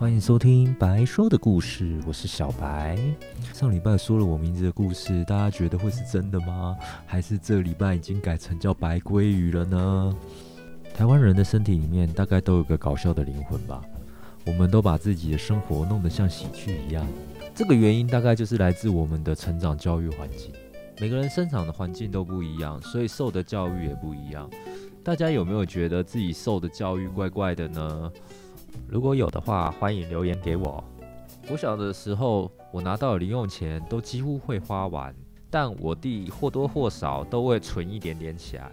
歡迎收聽白說的故事，我是小白。上禮拜說了我名字的故事，大家覺得會是真的嗎？還是這禮拜已經改成叫白鮭魚了呢？台灣人的身體裡面大概都有個搞笑的靈魂吧，我們都把自己的生活弄得像喜劇一樣。這個原因大概就是來自我們的成長教育環境。每個人生長的環境都不一樣，所以受的教育也不一樣。大家有沒有覺得自己受的教育怪怪的呢？如果有的話，歡迎留言給我。我小的時候，我拿到零用錢都幾乎會花完，但我弟或多或少都會存一點點起來。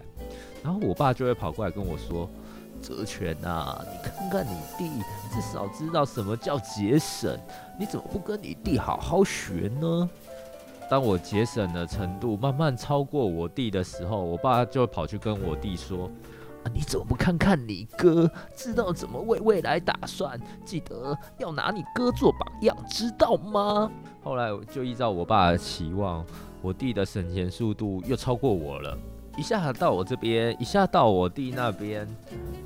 然後我爸就會跑過來跟我說：“澤泉啊，你看看你弟，至少知道什麼叫節省，你怎麼不跟你弟好好學呢？”當我節省的程度慢慢超過我弟的時候，我爸就會跑去跟我弟說。啊，你怎麼不看看你哥，知道怎麼為未來打算？記得要拿你哥做榜樣，知道嗎？後來就依照我爸的期望，我弟的省錢速度又超過我了，一下到我這邊，一下到我弟那邊，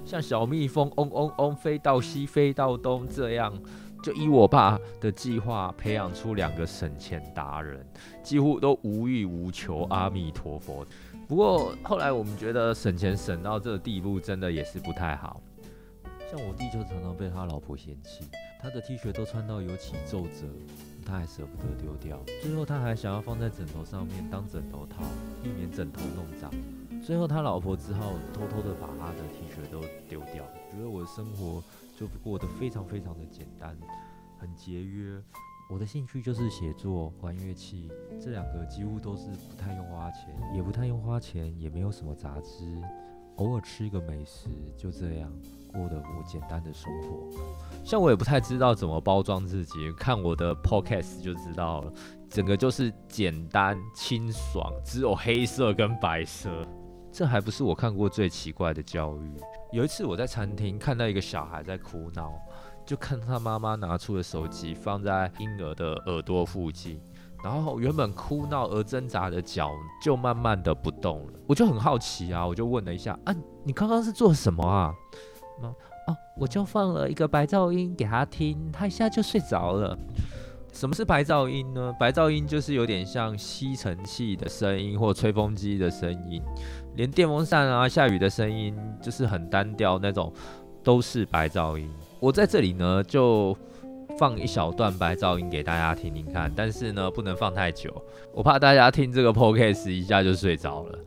像小蜜蜂嗡嗡嗡飛到西，飛到東這樣。就以我爸的計劃，培養出兩個省錢達人，幾乎都無欲無求。阿彌陀佛。不過後來我們覺得省錢省到這個地步，真的也是不太好。像我弟就常常被他老婆嫌棄，他的 T 恤都穿到有起皺褶。他還捨不得丟掉，最後他還想要放在枕頭上面當枕頭套，避免枕頭弄髒。最後他老婆只好偷偷的把他的 T 恤都丟掉。覺得我的生活就過得非常非常的簡單，很節約。我的興趣就是寫作、玩樂器，這兩個幾乎都是不太用花錢，也不太用花錢，也沒有什麼雜質。偶爾吃一個美食，就這樣過的我簡單的生活。像我也不太知道怎麼包裝自己，看我的 podcast 就知道了，整個就是簡單清爽，只有黑色跟白色。這還不是我看過最奇怪的教育。有一次我在餐廳看到一個小孩在哭鬧，就看他媽媽拿出了手機放在嬰兒的耳朵附近。然後原本哭鬧而掙扎的腳就慢慢的不動了，我就很好奇啊，我就問了一下，啊，你剛剛是做什麼啊？啊，啊，我就放了一個白噪音給他聽，他一下就睡着了。什麼是白噪音呢？白噪音就是有點像吸塵器的聲音或吹風機的聲音，連電風扇啊、下雨的聲音，就是很單調那種，都是白噪音。我在這裡呢就。放一小段白噪音給大家聽聽看，但是呢，不能放太久，我怕大家聽這個 podcast 一下就睡着了。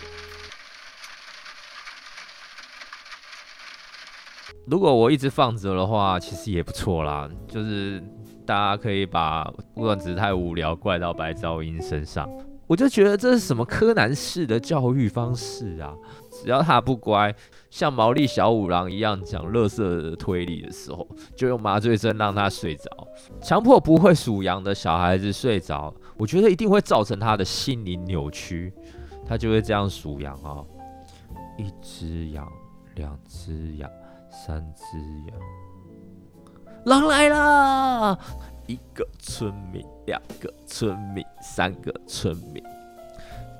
如果我一直放着的話，其實也不錯啦，就是大家可以把不管只是太無聊怪到白噪音身上。我就覺得這是什麼柯南式的教育方式啊！只要他不乖，像毛利小五郎一樣講垃圾推理的時候，就用麻醉針讓他睡着，強迫不會數羊的小孩子睡着，我覺得一定會造成他的心靈扭曲，他就會這樣數羊啊、喔：一隻羊，兩隻羊，三隻羊，狼來了！一個村民，兩個村民。三個村民，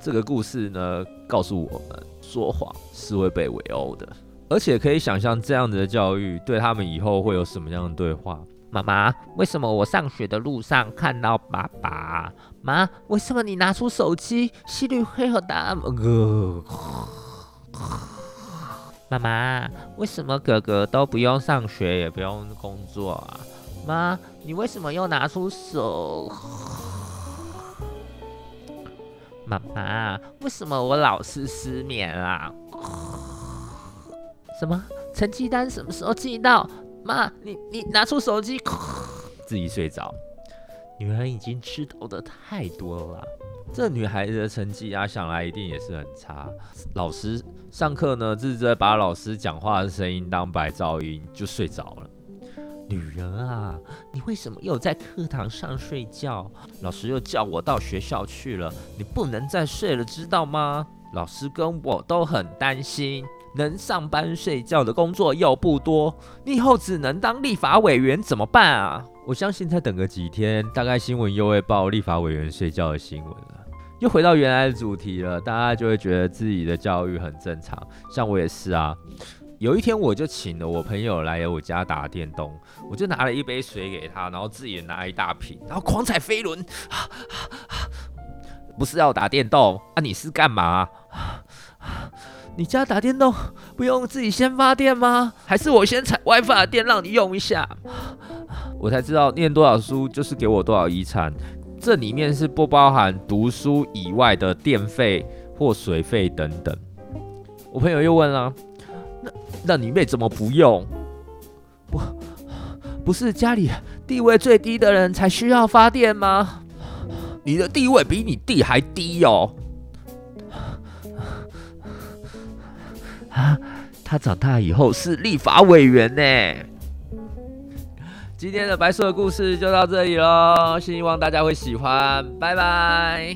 這個故事呢告訴我們，說謊是會被圍毆的，而且可以想象這樣子的教育對他們以後會有什麼樣的對話。媽媽，為什麼我上學的路上看到爸爸？媽，為什麼你拿出手機？吸率會和答案。媽 媽，為什麼哥哥都不用上學，也不用工作啊？媽，你為什麼又拿出手？媽媽，為什麼我老是失眠啊？呃、什麼成績單什麼時候寄到？媽，你你拿出手機，呃，自己睡着。女兒已經知道的太多了。這女孩子的成績啊，想來一定也是很差。老師上課呢，就是在把老師講話的聲音當白噪音就睡着了。女人啊，你為什麼又在課堂上睡覺？老師又叫我到學校去了。你不能再睡了，知道嗎？老師跟我都很擔心。能上班睡覺的工作又不多，你以後只能當立法委員，怎麼辦啊？我相信再等個幾天，大概新聞又會報立法委員睡覺的新聞了。又回到原來的主題了，大家就會覺得自己的教育很正常。像我也是啊。有一天，我就請了我朋友來我家打電動，我就拿了一杯水給他，然後自己也拿一大瓶，然後狂踩飛輪。不是要打電動啊？你是幹嘛？你家打電動不用自己先發電嗎？還是我先踩 WiFi 的電讓你用一下？我才知道念多少書就是給我多少遺產，這裡面是不包含讀書以外的電費或水費等等。我朋友又問了、啊。那你妹怎麼不用？不，不是家裡地位最低的人才需要發電嗎？你的地位比你弟還低哦！啊，他長大以後是立法委員呢、欸。今天的白色故事就到這裡嘍，希望大家會喜歡，拜拜。